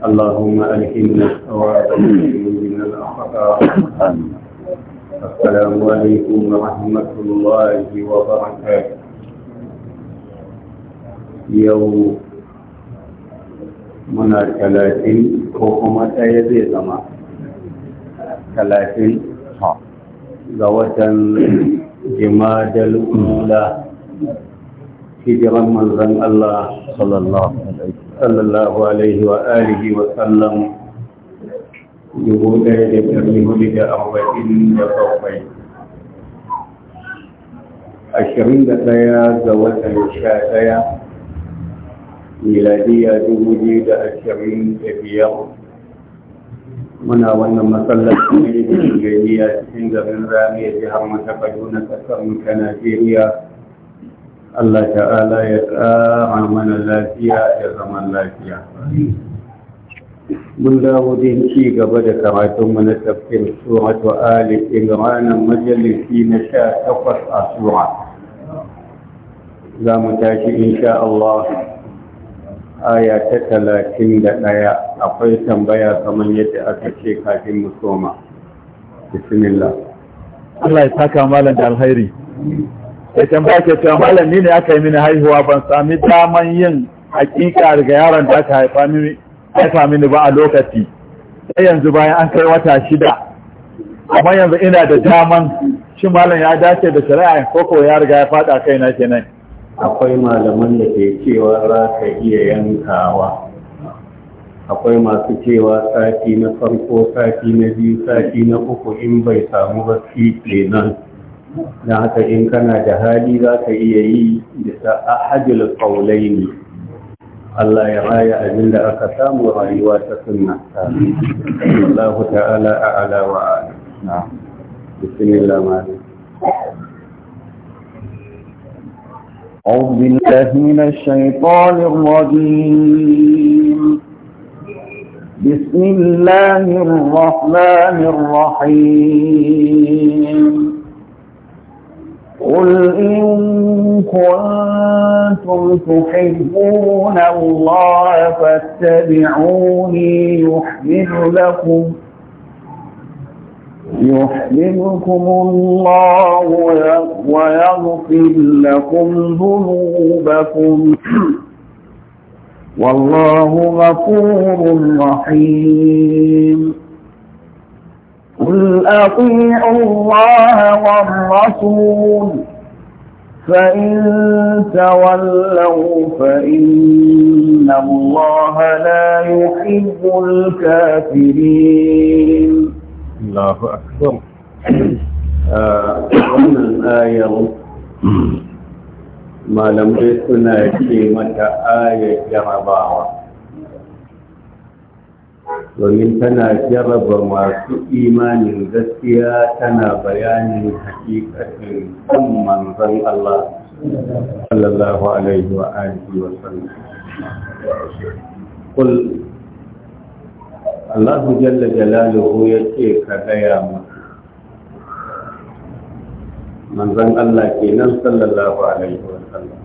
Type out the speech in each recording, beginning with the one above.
اللهم ألهمنا وأعطنا من الأخطاء السلام عليكم ورحمة الله وبركاته يوم منا ثلاثين حكومة أيدي زما ثلاثين زوجا جماد الأولى في جرم الله صلى الله عليه وسلم صلى الله عليه وآله وسلم يقول يتبه لك أربعين لفوقين ashirin da ɗaya ga watan sha ɗaya miladiya dubu biyu da ashirin da biyar muna wannan masallaci ne da shigariya cikin garin rami jihar mata kaduna ƙasar ta najeriya Allah ta'ala ya tsara mana lafiya da zaman lafiya mun dawo din ci gaba da karatunmu na sura suratu ali imran majalisi na sha takwas a sura za mu tashi insha Allah aya ta talatin da ɗaya akwai tambaya kamar yadda aka ce kafin mu soma bismillah Allah ya saka malam da alhairi. ya tambaya ke cewa malam ni ne aka yi mini haihuwa ban sami daman yin hakika daga yaron da aka haifa mini haifa mini ba a lokaci sai yanzu bayan an kai wata shida amma yanzu ina da daman shi malam ya dace da shari'a ko ko ya riga ya fada kaina kenan akwai malaman da ke cewa za ka iya yankawa akwai masu cewa sati na farko sati na biyu sati na uku in bai samu ba shi nan na haka in kana da hali za ka iya yi bisa ahajul kaulai ne Allah ya raya abin da aka samu rayuwa ta sunna Allah ta'ala a ala wa ala bismillah ma أعوذ بالله من الشيطان الرجيم بسم الله الرحمن الرحيم قل إن كنتم تحبون الله فاتبعوني يحمل لكم يحببكم الله ويغفر لكم ذنوبكم والله غفور رحيم قل أطيعوا الله والرسول فإن تولوا فإن الله لا يحب الكافرين الله أكبر wannan آه، ayar ما لم يكن mata آية جرباوة domin tana jaraba masu imanin gaskiya tana bayanin hakikatin kan manzan Allah sallallahu alaihi wa alihi wa sallam kul Allah jalla jalaluhu ce ka gaya musu manzan Allah kenan sallallahu alaihi wa sallam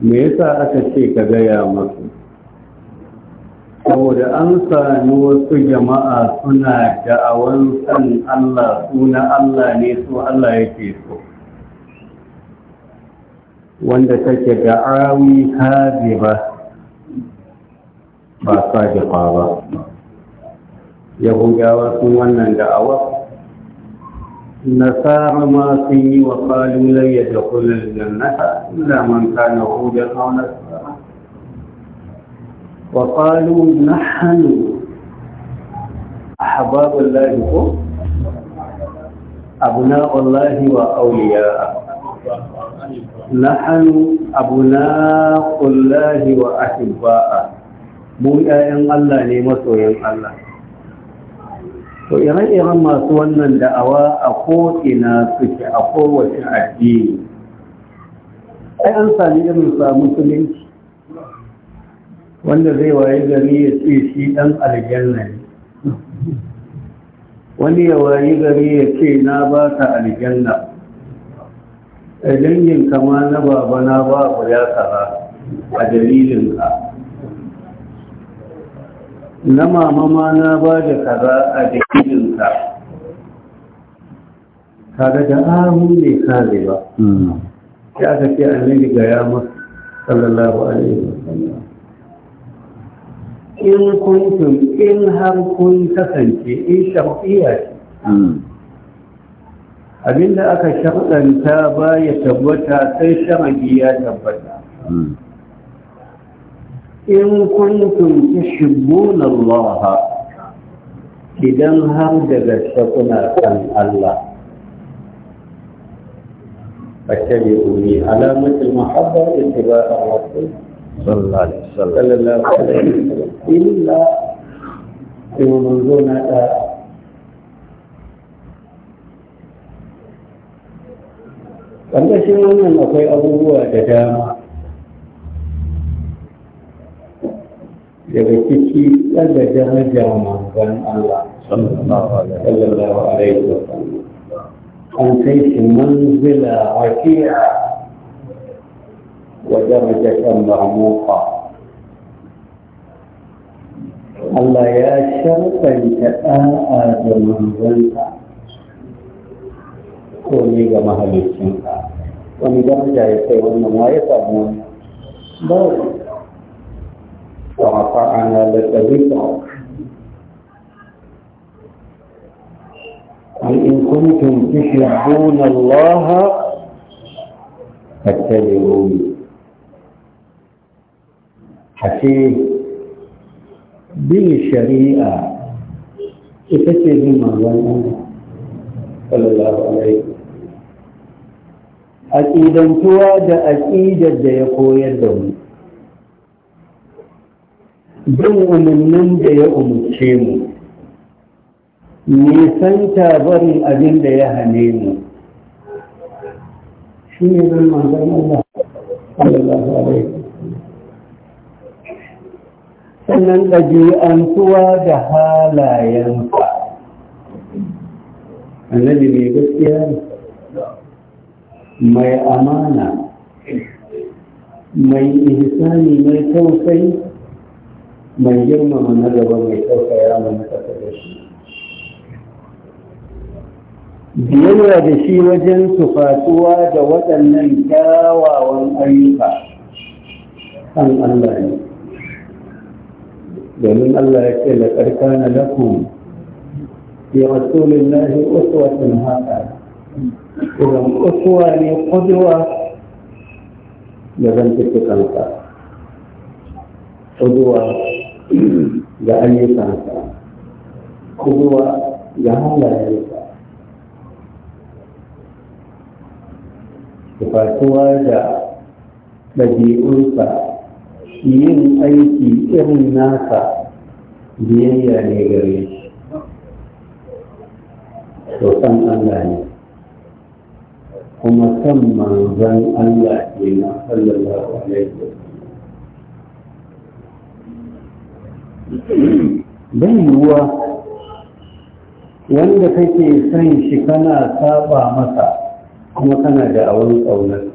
me yasa aka ce ka gaya musu saboda an sami wasu jama'a suna da'awan san Allah suna Allah ne su Allah yake so wanda take awi haɗe ba ba sadiqa ba yahudawa sun wannan da'awa nasara ma sun yi wa kalu lai ya dakulul jannata illa man kana hudan aunar. وقالوا نحن أحباب الله أبناء الله وأولياء نحن أبناء الله وأحباء بوئا ‘ya'yan الله نيمس masoyan الله To, ire-iren masu wannan da'awa a ko'ina suke a kowace addini, ai an sami irin sa musulunci wanda zai waye gari ya ce shi ɗan aljanna ne wani ya waye gari ya ce na ba ka aljanna a dangin kama na baba na babu ya kara a dalilinka na mama ma na ba da kaza a dalilinka kaga da ahu ne kare ba hmm. ya aka ce annabi ga ya masu sallallahu alaihi wasallam in kuntum in har kun kasance in shafiya ce hmm. abinda aka sharɗanta ba ya tabbata sai sharadi ya tabbata hmm. in kuntum tashibbuna Allah idan har daga gaske kan san Allah fattabi'uni alamatul mahabba ittiba'a rasul ƙarƙashin wannan akwai abubuwa da dama daga ciki ɗaga darajar Allah sallallahu alaihi wa sallam an shi manzila wakiya ودرجة مرموقة الله يا شرطا كآآ جمهورنك كوني جمهل الشنك ومن درجة يقول ما يفهمون بل ورفعنا لك ذكرك قل إن كنتم تحبون الله فاتبعوني ashe bin shari'a ita ce bin manzon sallallahu alaihi aƙidantuwa da aqidar da ya koyar da mu bin umarnin da ya umarce mu nisanta barin abin da ya hane mu shi ne bin manzon Allah sallallahu alaihi sannan ɗabi'antuwa da halayensa annabi mai gaskiya mai amana mai ihsani mai tausayi mai girmama na gaba mai tausaya mana kasa da shi biyarwa da shi wajen tufatuwa da waɗannan kyawawan ayyuka kan Allah ne domin Allah ya ce na laƙar kana lakum fi rasulillahi sun hasana idan uswa ne kudwa da zantattukansa kudwa ga ayyukansa kudwa ga halayensa tufatuwa da ɗabi'unsa yin aiki irin nasa biyayya ne gare shi to san Allah ne kuma san manzan Allah ne na sallallahu alaihi wa bai yiwuwa wanda kake son shi kana saba masa kuma kana da awon ƙaunar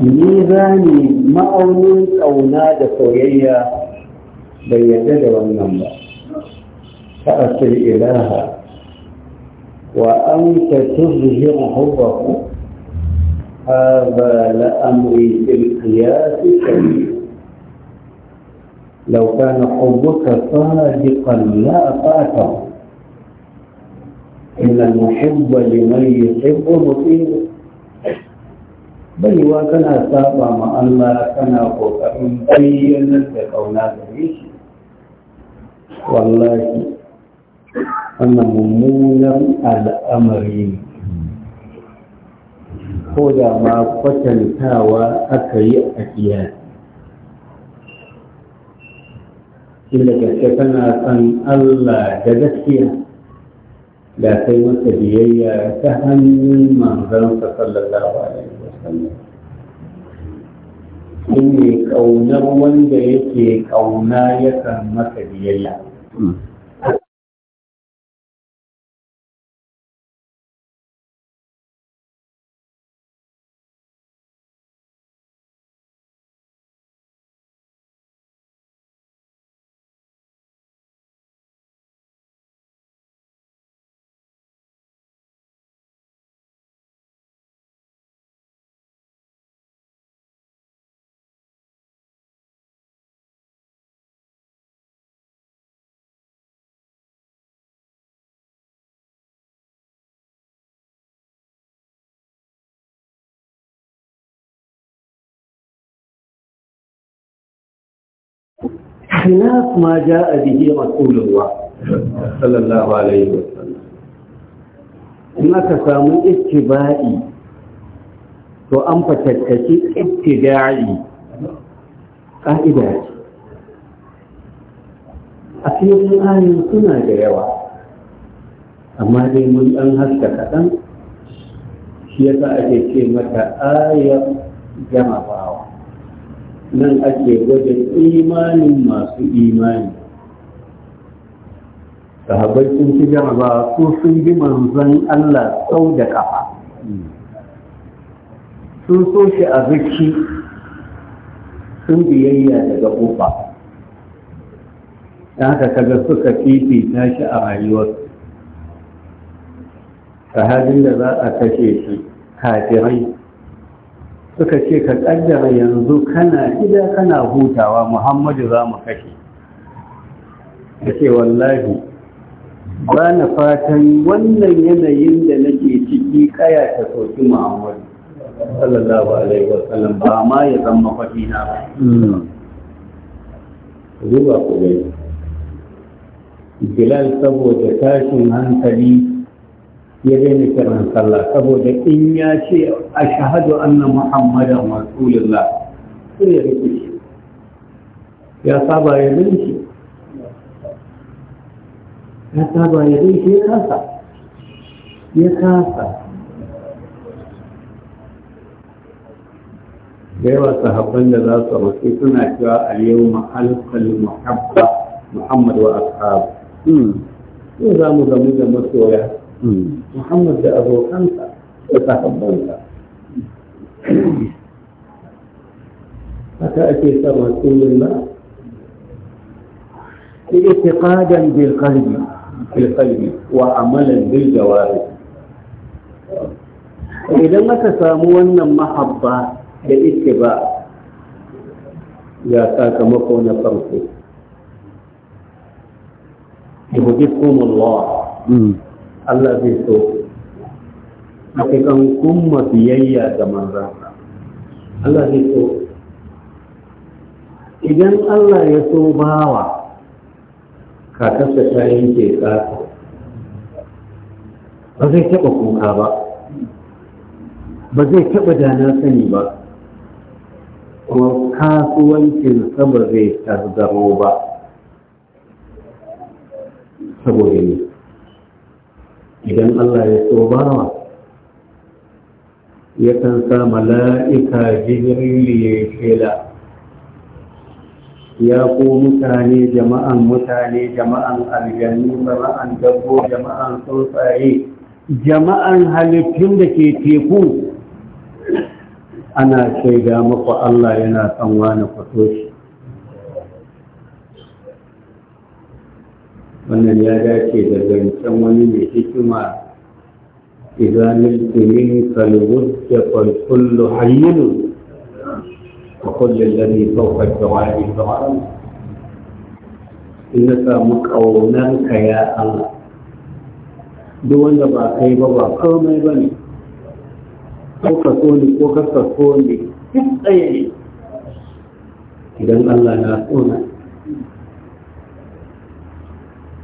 ميزاني ماونين او نادى سويا بين يدد والنمر فأت الإله وأنت تظهر حبه هذا لأمري في القياس لو كان حبك صادقا لا قاتل إن المحب لمن يحبه مطيع baiwa kana saba ma Allah kana kokarin bayyanar da kauna da shi wallahi wannan mummunan al'amari ne ko da ma kwatantawa aka yi a fiya inda gaske kana san Allah da gaskiya da kai masa biyayya ta hannun manzansa sallallahu alaihi wasallam shine kaunar ƙaunar wanda yake ƙauna yakan masa biyayya hmm. khilaf a ja'a bihi rasulullah sallallahu alaihi wasallam in aka samu ittiba'i to an fatattaki ittida'i ka'ida ce a cikin suna da yawa amma dai mun ɗan haska kaɗan shi yasa ake ce mata ayar jama'a nan ake wajen imanin masu imani sahabbai sun ci jaraba ko sun bi manzon Allah sau da ƙafa. sun so shi a zuci sun biyayya daga ƙofa ta haka kaga suka fifita shi a rayuwar sahabin da za a kashe shi kafirai suka ce ka kaddara yanzu kana gida kana hutawa muhammadu za mu kashe ya ce wallahi ba na fatan wannan yanayin da nake ciki kaya ta soki muhammadu sallallahu alaihi wasallam ba ma ya zama na ba zuba hmm. kuwa bilal saboda tashin hankali ya daina kiran sallah saboda in ya ce a shahadu annan muhammadan rasulullah sai ya rike shi ya saba ya shi ya saba ya shi ya kasa ya kasa da yawa sahabban da za su rufe suna cewa yau ma'alkal muhabba muhammad wa ashabu hmm. yau za mu gamu da masoya Muhammad da abokansa da sahabbansa haka ake sa masu yin ba itiqadan bil qalbi bil qalbi wa amalan bil jawarih idan aka samu wannan mahabba da ba ya sakamako na farko yuhibbukum Allah hmm. Allah zai so kan kuma biyayya ga manzan Allah zai so idan Allah ya so bawa kakarsa ta yanke ƙasa ba zai taɓa kuka ba ba zai taɓa dana sani ba kuma kasuwancin ba zai tasgaro ba saboda ne idan Allah ya so bawa yakan sa mala'ika jibrili ya yi shela ya ko mutane jama'an mutane jama'an aljannu jama'an dabbo jama'an tsuntsaye jama'an halittun da ke teku ana shaida muku Allah yana son na fito wannan ya dace da zancen wani mai hikima idan niltumin kalwud da kwalkullu hayyinu a kullum da ne saukar da wani zama in na samu ƙaunarka ya Allah duk wanda ba kai ba ba komai ba ne ko ka so ne ko ka so ne duk tsaye ne idan Allah na so na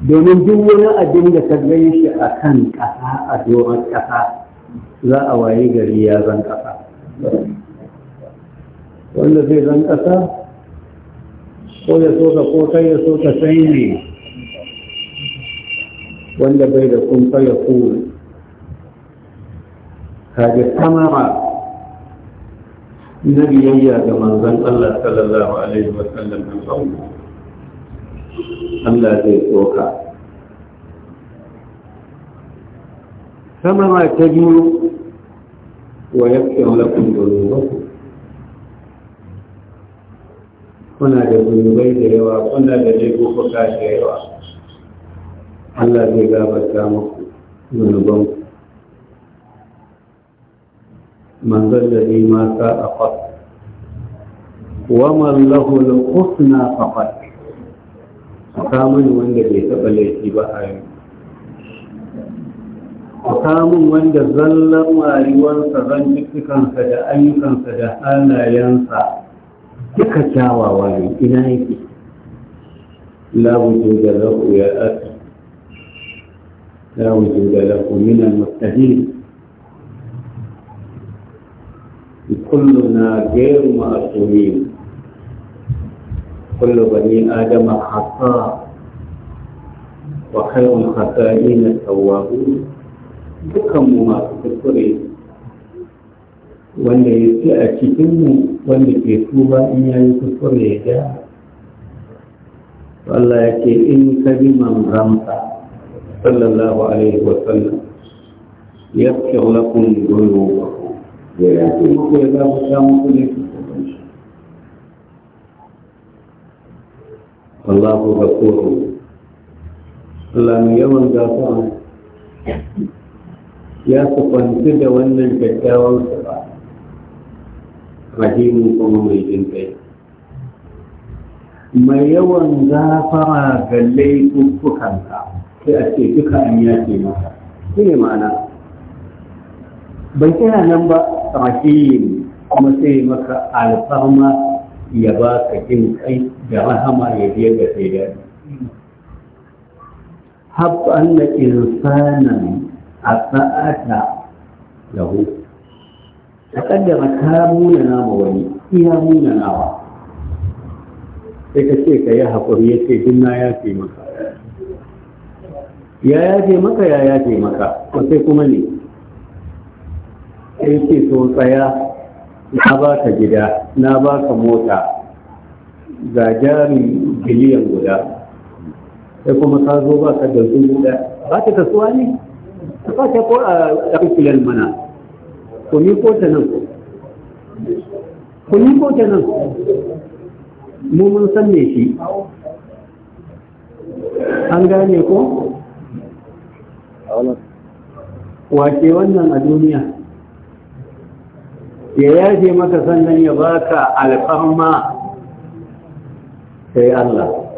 domin duk wani abin da ka gan shi a kan ƙasa a doron ƙasa za a waye gari ya zan ƙasa wanda zai zan ƙasa ko ya so ka ko kai ya so ka ne wanda bai da kumfa ya kuma kaji samara na biyayya ga manzan Allah sallallahu alaihi wasallam da Allah zai tsoka sama ta biyu wa yakin lakum dhunubakum kuna da zunubai da yawa kuna da laifuka da yawa Allah zai gabata muku zunuban manzon da zai mata a fas wa man lahu al-husna faqat ku kamun wanda bai taɓa laifi ba a yi ku kamun wanda zallan zan zantukansa da ayyukansa da halayensa duka kyawawa ne ina yake labujin da lahu ya aki labujin da mina mutane. Kullum na gairu ma'asumin كل بني آدم خطاء وخير الخطائين التوابون dukanmu masu kuskure wanda ya ce a cikinmu wanda ke tuba in ya yi kuskure ya ja Allah ya ce in ka bi man ramta sallallahu alaihi wa sallam ya fi lakum dunuwa ya ce ku ya za ku samu kuɗi wallahu ghafurun Allah mai yawan gafara ya sufanci da wannan kyakkyawan sifa rahimu kuma mai jin kai mai yawan gafara ga laifukanka sai a ce duka an yace maka shi ne ma'ana bai kira nan ba rahim kuma sai maka alfarma ya ba ka jin kai da rahama ya biya ga sai daɗi habba anna insanan a sa'ata lahu ta kaddara ka munana nama wani iya munanawa sai ka ce ka yi haƙuri ya ce duk na ya ce maka ya ya ce maka ya ya ce maka ko sai kuma ne sai ce so tsaya na baka gida na baka mota ga jari biliyan guda sai kuma ka zo baka da zuwa guda ba ta kasuwa ne ka kwace ko a ɗarfilan mana ku ni ko ta nan ku ni ko ta nan mu mun san me shi an gane ko wace wannan a duniya ya yaje maka sannan ya baka alfahma sai Allah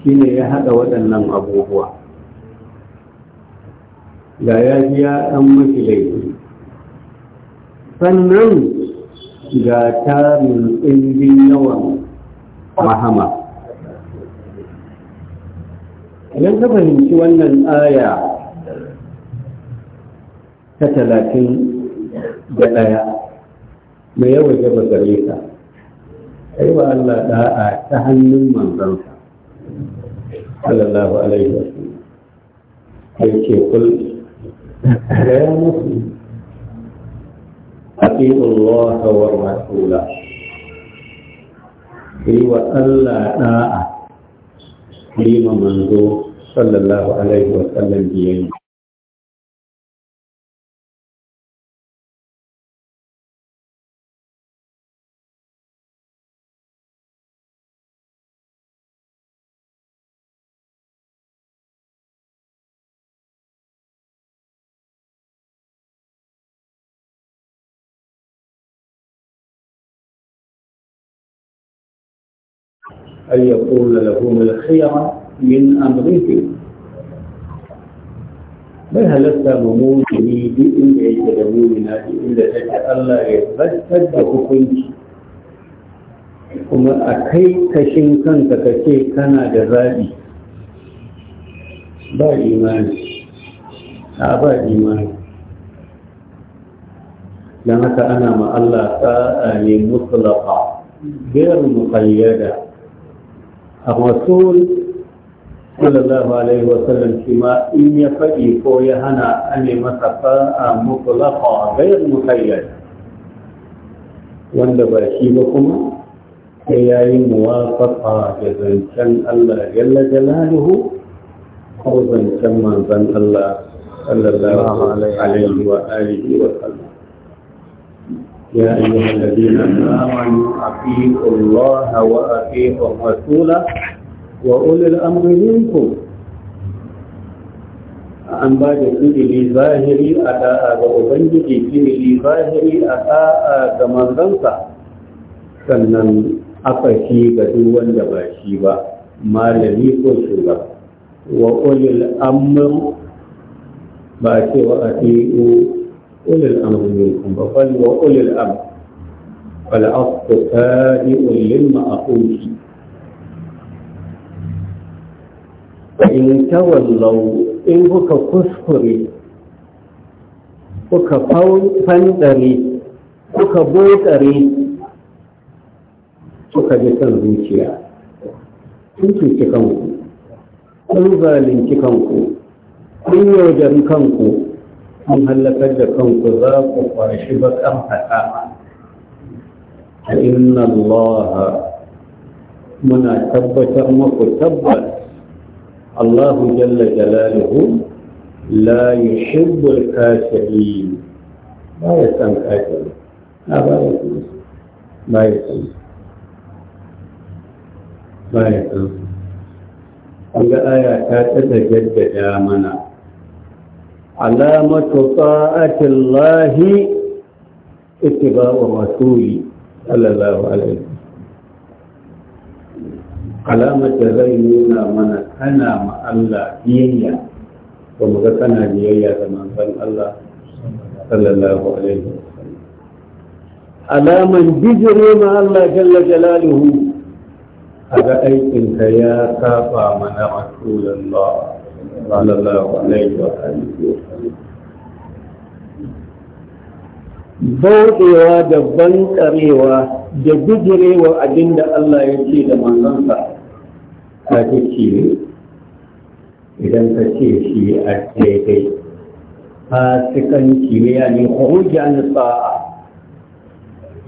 shi ne ya haɗa waɗannan abubuwa ga ya ji ya ɗan mafi laifi sannan ga tarin ɗimbin yawan mahama idan ka fahimci wannan aya ta talatin da ɗaya me ya waje ba gare ka kai wa Allah da'a ta hannun manzansa sallallahu alaihi wa sallam kai ce kul da ya musu Allah wa rasula yi wa Allah ɗa'a lima manzo sallallahu Alaihi wa wasallam biyayya. أن يكون لهم الخيرة من أمرهم بها لست مموتني بإن يجدوننا إلا تجعل الله كما أكي كشنكا تكشي كان جزائي با إيمان أبا آه، إيمان لما كأنا مع الله سائل مطلقة غير مقيدة الرسول صلى الله عليه وسلم كما إن يفئي كو يهنا أن مسفاء مطلقا غير مخيل وان باشيبكم كياي موافقة جزنشن الله جل جلاله أو زنشن من زن الله صلى الله عليه وآله وسلم يا أيها الذين آمنوا أطيعوا الله وأطيعوا الرسول وأولي الأمر منكم an ba da fi'ili zahiri a da'a ga Ubangiji fi'ili zahiri a da'a ga manzansa sannan aka shi ga duk wanda ba shi ba malami ko shugaba wa ulil amr ba cewa a fi'u أولي الأمر منكم بل وأولي الأمر فالعفو هادئ للمأخوذ فإن تولوا إن بك كسكري بك فندري بك بوتري suka ji son zuciya sun cuci kanku kun zalunci kanku kun yaudari kanku هم هل فجكم كذاب أم أمحاها إن الله منا تبت مكتب الله جل جلاله لا يحب الكاسرين لا يسمى كاسرين لا يسمى لا يسمى لا يسمى أنا آية كاتبة جد جامنا alamatu ta'atillahi ittiba'ur rasuli sallallahu alaihi alamar da zai nuna mana ana ma Allah biyayya mu ga kana biyayya da manzon Allah sallallahu alaihi wasallam alaman bijire ma Allah jalla jalaluhu aga aikin ka ya saba mana rasulullah صلى الله عليه وآله وسلم bauɗewa da bankarewa da bijirewa abinda Allah ya ce da manzansa ka ce ne idan ka ce shi a daidai fasikanci cikin kimiyya ne hujja na sa'a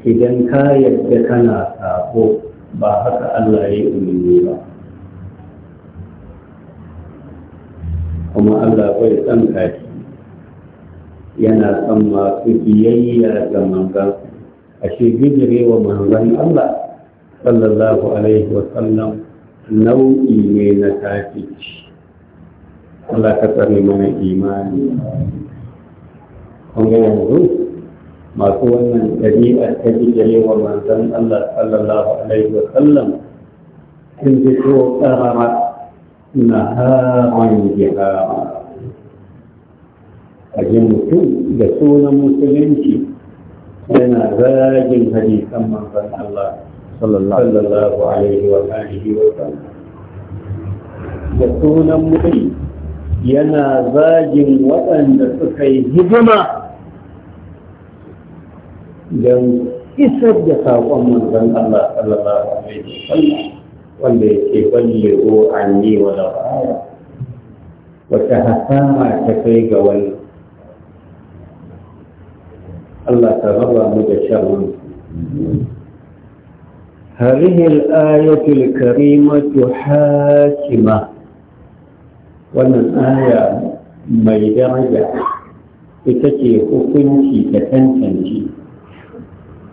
idan ka yadda kana sako ba haka Allah ya yi umarni ba kuma Allah bai san kaji yana san masu biyayya ga manzan shi bijire wa manzan Allah sallallahu alaihi wasallam nau'i ne na kafici Allah ka tsare mana imani kun ga yanzu masu wannan ɗabi'a ta bijire wa manzan Allah sallallahu alaihi wasallam sun tsara ƙarara naharan jihara a ji mutum da sunan musulunci yana zagin hadisan manzan Allah sallallahu alaihi wa alihi wa sallam da sunan mutum yana zagin waɗanda suka yi hidima don isar da saƙon manzan Allah sallallahu alaihi wa sallam wanda yake ballewo an yi wa labaya wata hasama ta kai ga wani Allah ta raba mu da sharrin هذه الآية الكريمة حاكمة wannan aya mai daraja ita ce hukunci da tantance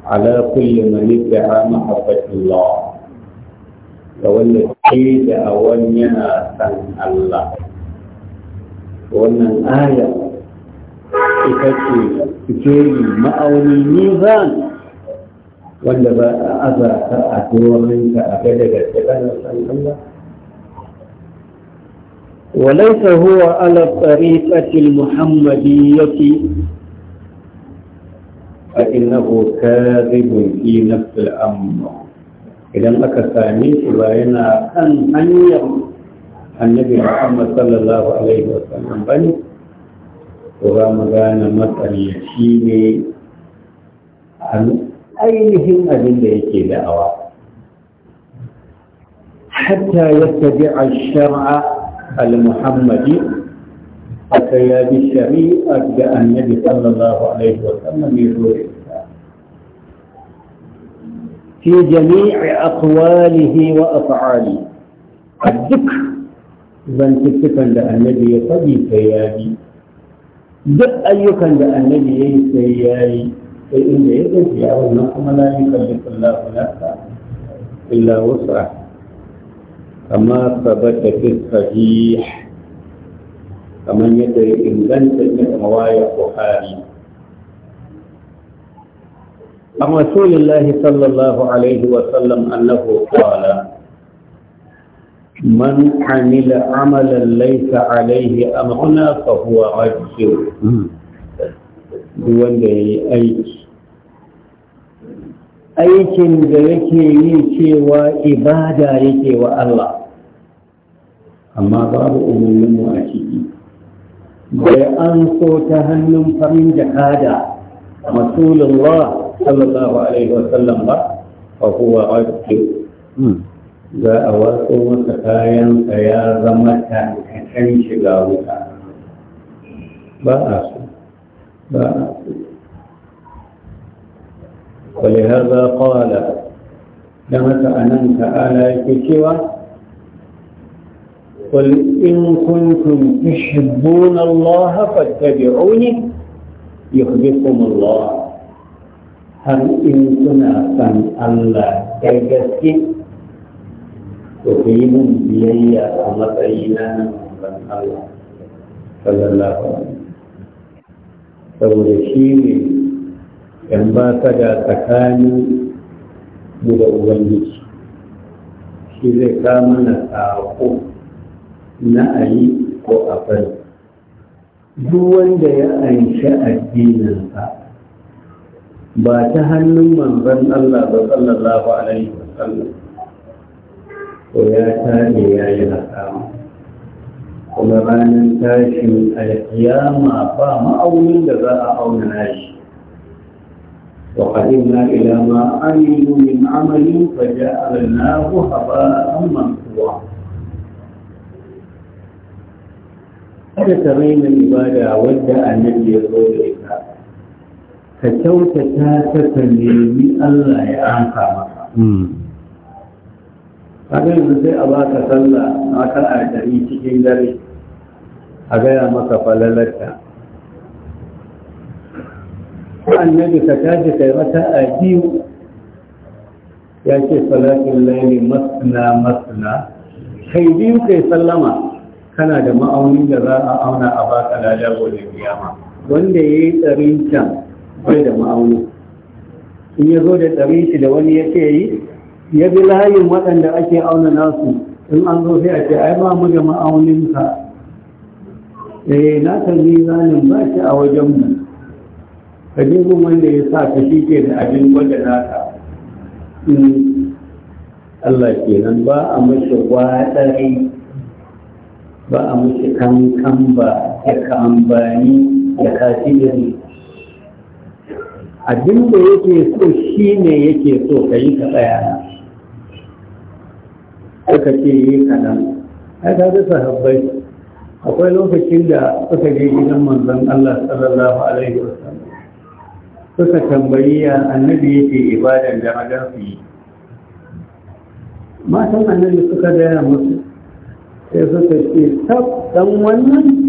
ala kulli man yad'a mahabbatullah ga wanda ke da awon yana san Allah wannan aya ita ce yi ma'auni nizam wanda ba a aza ta a dominta a ga daga tsakanin san Allah وليس هو على الطريقة المحمدية فإنه كاذب في نفس الأمر idan aka same shi ba yana kan hanyar annabi muhammad sallallahu alaihi wasallam ba ne to za mu gane matsalaci ne ainihin abin da yake da'awa hatta yattabi ash-shar'a al-muhammadi hatta ya bi shari'a da annabi sallallahu alaihi wasallam ya zo في جميع أقواله وأفعاله الذكر بان تكتن لأن النبي يطبي سيادي دق أيوكا لأن النبي يهي سيادي فإن إيه يدن في أول نقم لا يخلق الله نفسه إلا وسعه كما ثبت في الصحيح كما يدري إن بنت من روايه بخاري عن رسول الله صلى الله عليه وسلم أنه قال من عمل عملا ليس عليه أمرنا فهو رد wanda ya yi aiki aikin da yake yi cewa ibada yake wa Allah amma babu umarninmu a ciki bai an so ta hannun farin jakada rasulullah صلى الله عليه وسلم ba وهو رجل جاء a سكايا فيا kayansa حين zama بأس بأس ولهذا قال لما سألنا تعالى كتوى قل إن كنتم تحبون الله فاتبعوني يحبكم الله har in suna san Allah da gaske to ku yi min biyayya a matsayina na san Allah sallallahu saboda shi ne yan ba ta da tsakanin mu da Ubangiji shi zai kama na sako na ayi ko a bari duk wanda ya anshi addininsa ba ta hannun manzan Allah ba sallallahu alaihi wasallam ko ya ne ya yi alƙama kuma ranar tashin alƙiyama ba ma'aunin da za a auna nashi wa qadimna ila ma amilu min amalin fa haɓa haba'an mansuwa kada ta raina ibada wadda annabi ya zo da ita ka kyautata ta ka nemi Allah ya amsa maka hmm. kaga yanzu sai a ka sallah na a dari cikin dare a gaya maka falalarta annabi ka tashi kai mata a biyu ya ce salatin laili masna masna kai biyu kai sallama kana da ma'aunin da za a auna a baka lada gobe kiyama wanda ya yi tsarin can bai da ma'auni in ya zo da tsari shi da wani ya ce yi ya bi layin waɗanda ake auna nasu in an zo sai a ce ai ba mu da ma'aunin ka. eh na san mizanin ba shi a wajen mu ka ji gun wanda ya sa ka shi da abin gwada naka Allah ke nan ba a mashi waɗari ba a mashi kankan ba ya ka ambani ya da iri abin da yake so shi ne yake so ka yi ka tsaya suka ce yi nan ai ta zai sahabbai akwai lokacin da suka je gidan manzon Allah sallallahu alaihi wasallam suka tambayi ya annabi yake ibadan da madan su yi matan annabi suka gaya musu sai suka ce tab dan wannan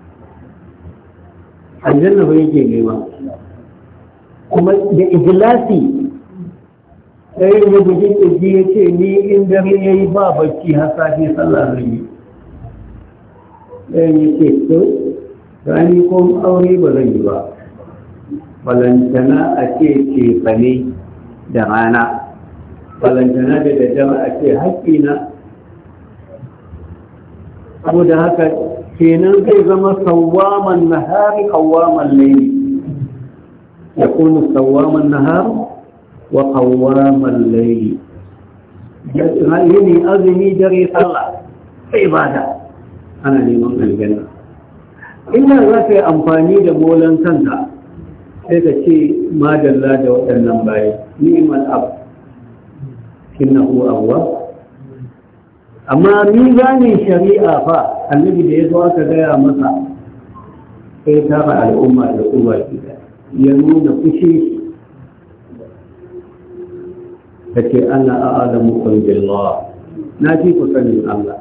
aljanna ba yake nema kuma da ikhlasi ɗayan ya guji ji ya ce ni in dare ya yi ba bacci har safe sallah zan yi ɗayan ya ce to gani ko aure ba zan yi ba balantana a ce cefane da rana balantana da daddama a ce haƙƙina saboda haka kenan zai zama sawaman nahari kawaman laili ya kunu sawaman nahar wa kawaman laili yini azumi dare sallah sai bada ana neman aljanna Ina za ka yi amfani da molan kanka sai ka ce madalla da waɗannan bayan ni'mal ab innahu abuwa? amma ni mizanin shari'a fa annabi da ya zo aka gaya masa sai ba al'umma da shi da ya nuna fushi ta ce ana a'adamu kun billah na fi ku sanin Allah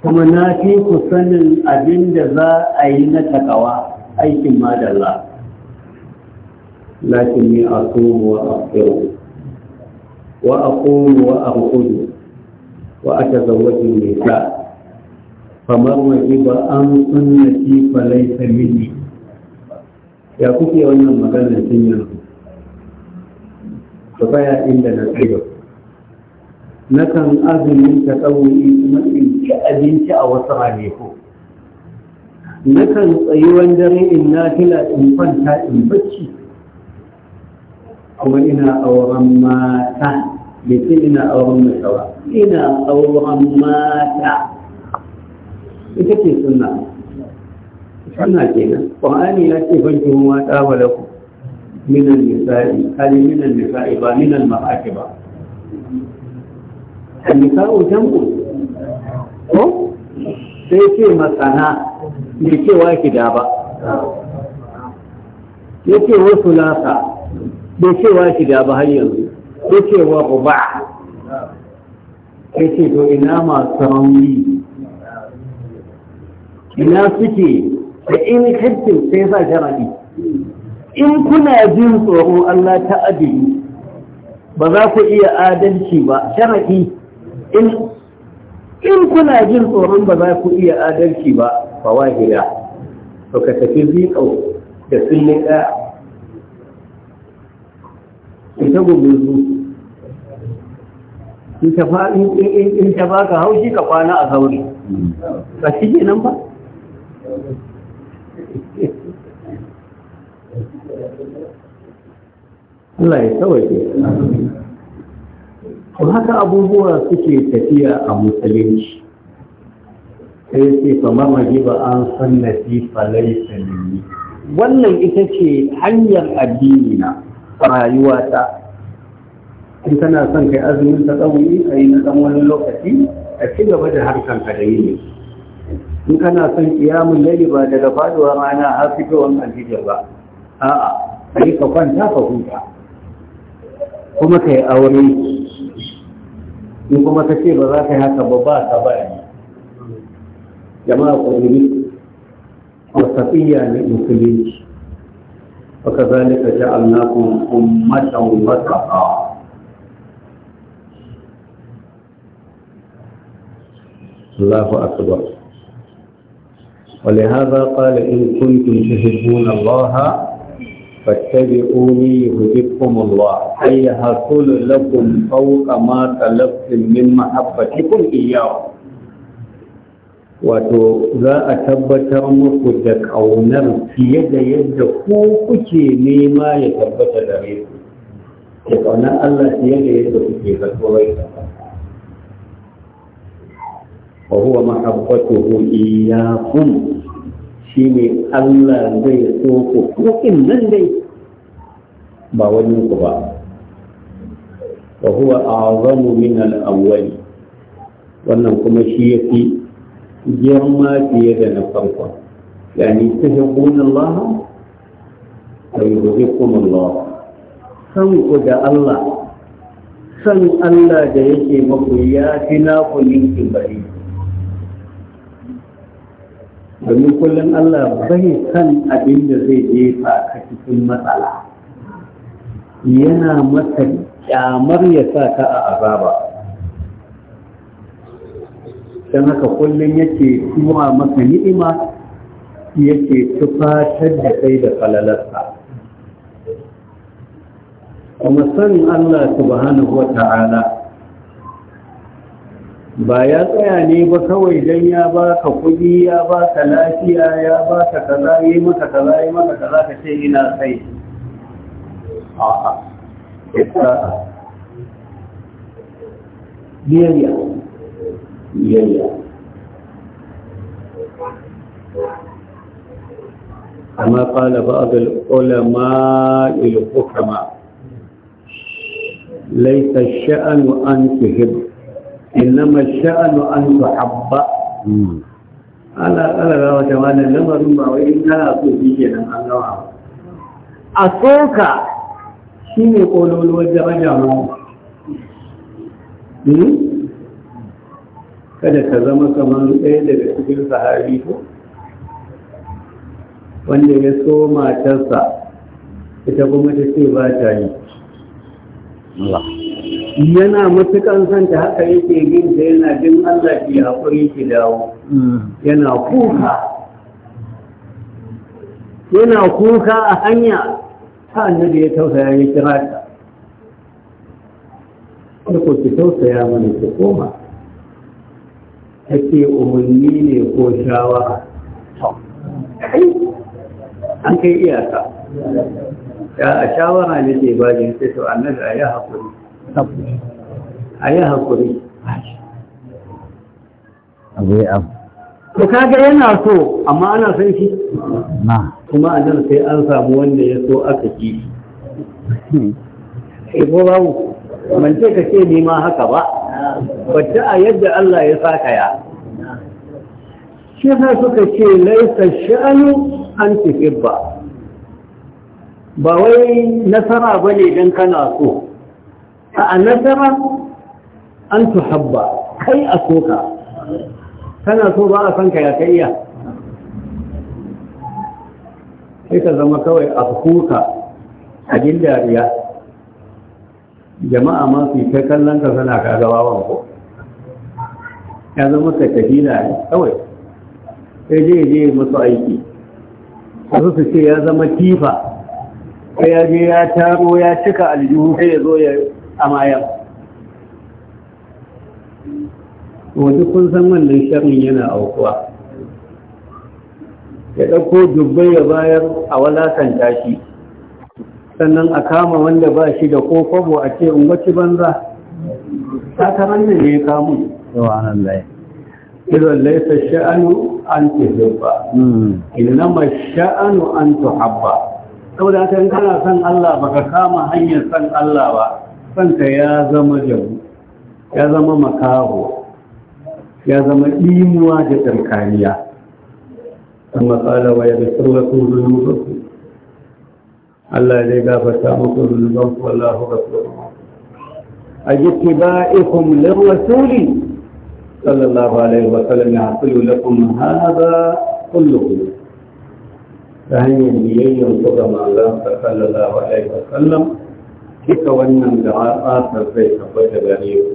kuma na fi ku sanin abin da za a yi na takawa aikin madalla lakin ni a wa afiru wa aqumu wa aqudu wa atazawwaju nisa Kamar waje ba an sunnati falai mini ya kuke wannan maganar cin yanzu ta baya inda na tsayo. na kan azumin ta tsawo'i kuma in ci abinci a wasu ranaku na kan tsayuwan dare in na fila in kwanta in bacci kuma ina auren mata bai ce ina auren mata ba ina auren mata ita ce suna ke kenan ƙwa'ani ya ce ban kuma mata ku minan nisa'i hali minan nisa'i ba minan ma'aki ba annisa'u jam'u ko sai ce masana bai ki da ba ya ce wasu lasa bai ki da ba har yanzu ya ce wa ba ya ce to ina masu rauni ina suke da in hajjin sai sa sharaɗi in kuna jin tsoro Allah ta adili ba za ku iya adalci ba sharaɗi in in kuna jin tsoron ba za ku iya adalci ba fawahira to ka tafi zikau da sunni ɗaya ita gumurzu in ta baka haushi ka kwana a sauri. ba shi nan ba Allah ya ke to haka abubuwa suke tafiya a musulunci sai sai kama maji ba an san na fi falai sanini." wannan ita ce hanyar addini na rayuwata in kana son kai azumin ta tsawo a yi na ɗan lokaci a ci gaba da harkar ka da yi ne in kana son kiyamun laili ba daga faduwa rana har fitowar alfijar ba a'a kai ka kwanta ka huta kuma ka yi aure in kuma ka ce ba za ka yi haka ba ba ka bayani jama'a ƙwararri wasafiya ne musulunci وكذلك جعلناكم ummatan وسطا Allahu akbar ولهذا قال إن كنتم تحبون الله فاتبعوني يهدكم الله أي يحصل لكم فوق ما طلبتم من محبتكم إياه wato za a tabbatar muku da ƙaunar fiye da yadda ku kuke nema ya tabbata da rai da ƙaunar Allah fiye da yadda kuke zato rai wa huwa mahabbatuhu iyyakum shine Allah zai so ku ko nan dai ba wani ku ba wa huwa a'zamu min al-awwal wannan kuma shi yafi girma fiye da na farko yani tuhibbuna Allah wa yuhibbukum Allah san ku da Allah san Allah da yake maku ya fi naku ninkin bari domin kullum Allah bai san abin da zai jefa a cikin matsala yana masa kyamar ya sa ka a azaba don haka kullum yake kuma maka ni'ima yake tufatar da kai da falalarsa kuma san Allah subhanahu wa ta'ala ba ya tsaya ne ba kawai don ya ba ka kudi ya ba ka lafiya ya ba ka kaza yi maka kaza yi maka kaza ka ce ina sai a'a biyayya biyayya kama kala ba'd al-ulama al-hukama laysa ash an tuhibbu innama sha'anu an tuhabba ala ala ga wata wannan lamarin ba wai in kana so shi kenan an gawa a soka shine kololuwar daraja mu kada ka zama kamar ɗaya daga cikin sahabi ko wanda ya so matarsa ita kuma ta ce ba ta yi yana matukan santa haka yake ginta yana jin Allah ki haƙuri ki dawo hmm. yana kuka yana kuka a hanya ta annabi ya tausaya ya kira ta ko ki tausaya mana ki koma take umarni ne ko shawara an kai iyaka ya a shawara ne ke bajin sai to annabi a yi haƙuri a to kaga yana so amma ana san shi kuma a nan sai an samu wanda ya so aka ki shi eh, ko babu man ce ka ce ni ma haka ba wacce a yadda Allah ya saka ya shi sa suka ce laisa sha'anu an ba ba wai nasara bane dan kana so a nasara an habba kai a soka kana so ba a san ka ya kai iya sai ka zama kawai a soka a jin dariya jama'a ma su ta kallon ka sana ka wawan ko ya zama ka tafi na kawai sai je je masu aiki su su ce ya zama tifa sai ya je ya taro ya cika aljihu sai ya zo ya a mayan kun san wannan sharrin yana aukuwa ya ɗauko dubbai ya bayar a walasanta shi sannan a kama wanda ba shi da ko kwabo a ce in wace banza ta nan ne ya kamu yawanan laye idan laisa sha'anu an hmm. Ina ma sha'anu an tuhabba saboda haka in kana son Allah baka kama hanyar son Allah ba sanka ya zama jabu ya zama makaho ya zama ɗimuwa da tsarkaniya a matsala wa ya da tsarwatsun mutu. Allah zai gafarta muku zunubansu wallahu ga a jiki ba ikon lirwasuli sallallahu alaihi wasallam ya hasulu lakum haza kulluhu ta hanyar biyayyar ku ga manzansa sallallahu alaihi wa sallam. duka wannan da asar zai tabbata gare ku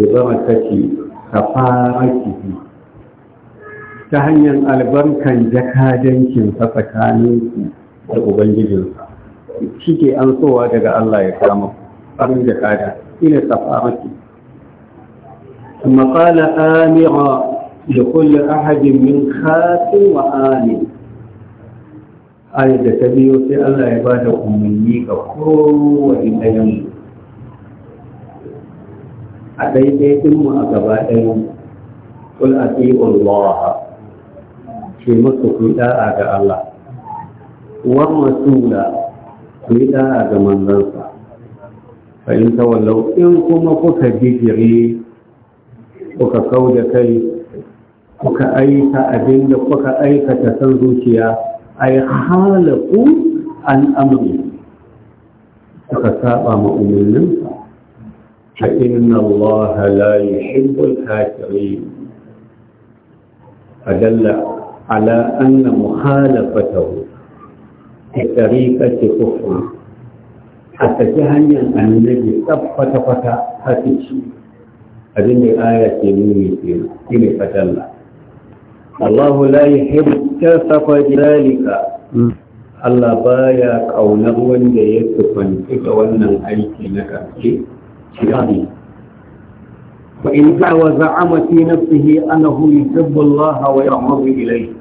ya zama kashi fara kifi ta hanyar albarkan jakadancin sa tsakaninku da ubangijinsa shi ke an sowa daga Allah ya kama farin jakada ina safara ki ثم قال آمرا لكل أحد من خاتم وآمن ayat da ta biyo sai Allah ya ba da umarni ga kowane ɗayan a daidai mu a gaba ɗaya, kul ati'u Allah ce masa ku da'a ga Allah wa masula ku yi da'a ga manzansa fa in wallau in kuma kuka bijire kuka kau da kai kuka aika abinda kuka aikata san zuciya ay khalaqu an amri suka saba ma umarnin? fa inna Allah la yuhibbul kafirin adalla ala anna mukhalafatahu fi tariqati kufr a saki hanyar annabi tsaffata fata hasici abin da aya ke nuni ke ne fatalla Allahu la yuhibbu safa zalika hmm. Allah baya kaunar wanda ya tufanci ga wannan aiki na ƙarshe shi fa in wa za'ama fi nafsihi annahu yuhibbu Allah wa ya'muru ilayhi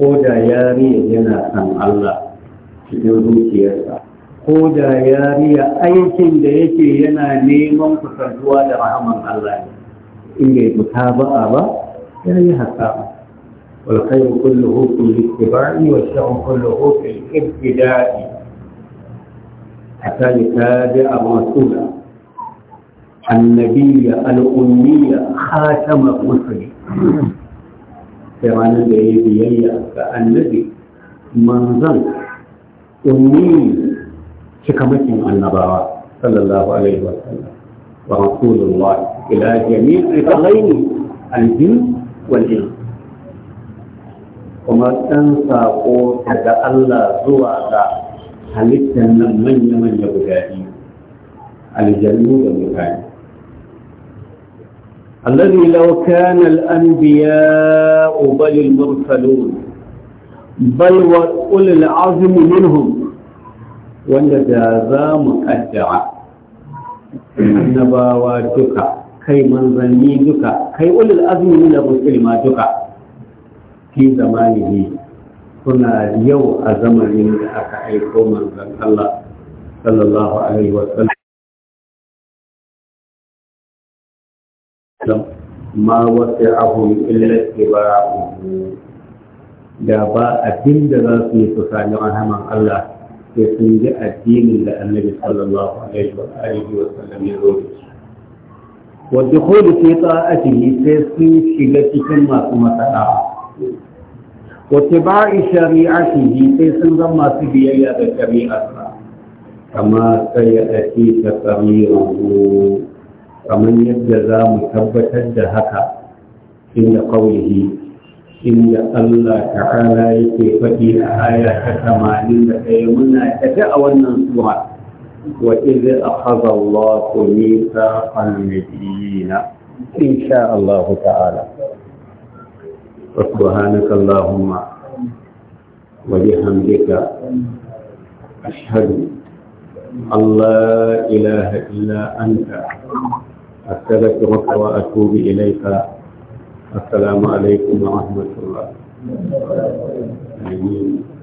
ko da yariya yana san Allah cikin zuciyarsa ko da yariya aikin da yake yana neman kusantuwa da rahaman Allah ne in bai ba a ba يعني هكذا والخير كله في الاتباع والشر كله في الابتداء حتى يتابع الرسول النبي الأمي خاتم الرسل كمان اللي بيجي النبي منظر أمي شكمتهم النبوة صلى الله عليه وسلم ورسول الله إلى جميع قطعين الجن wal kuma ɗan saƙo daga Allah zuwa ga halittar nan manya-manya guda biyu aljannu da mutane الذي لو كان الأنبياء بل المرسلون بل وأولي العظم منهم وندى ذا مقدعة النباوات دكا kai manzanni duka kai ulul azmi min ar-rusul ma duka fi zamanihi kuna yau a zamanin da aka aiko manzan Allah sallallahu alaihi wa sallam ma wasi'ahum illa ittiba'uhu da ba abin da za su yi su sami rahaman Allah sai sun ji addinin da annabi sallallahu alaihi wa alihi wa sallam ya rubuta sai dukhulu fi ta'atihi sai sun shiga cikin masu masada wa tibai shari'atihi sai sun zama masu biyayya da shari'arsa kama sai ya ci ta tsamiru kamar yadda za mu tabbatar da haka inda kaulihi inda Allah ta'ala yake faɗi a aya ta 81 muna tafi a wannan sura وإذ أخذ الله ميثاق النبيين إن شاء الله تعالى سبحانك اللهم وبحمدك أشهد أن لا إله إلا أنت أستغفرك وأتوب إليك السلام عليكم ورحمة الله آمين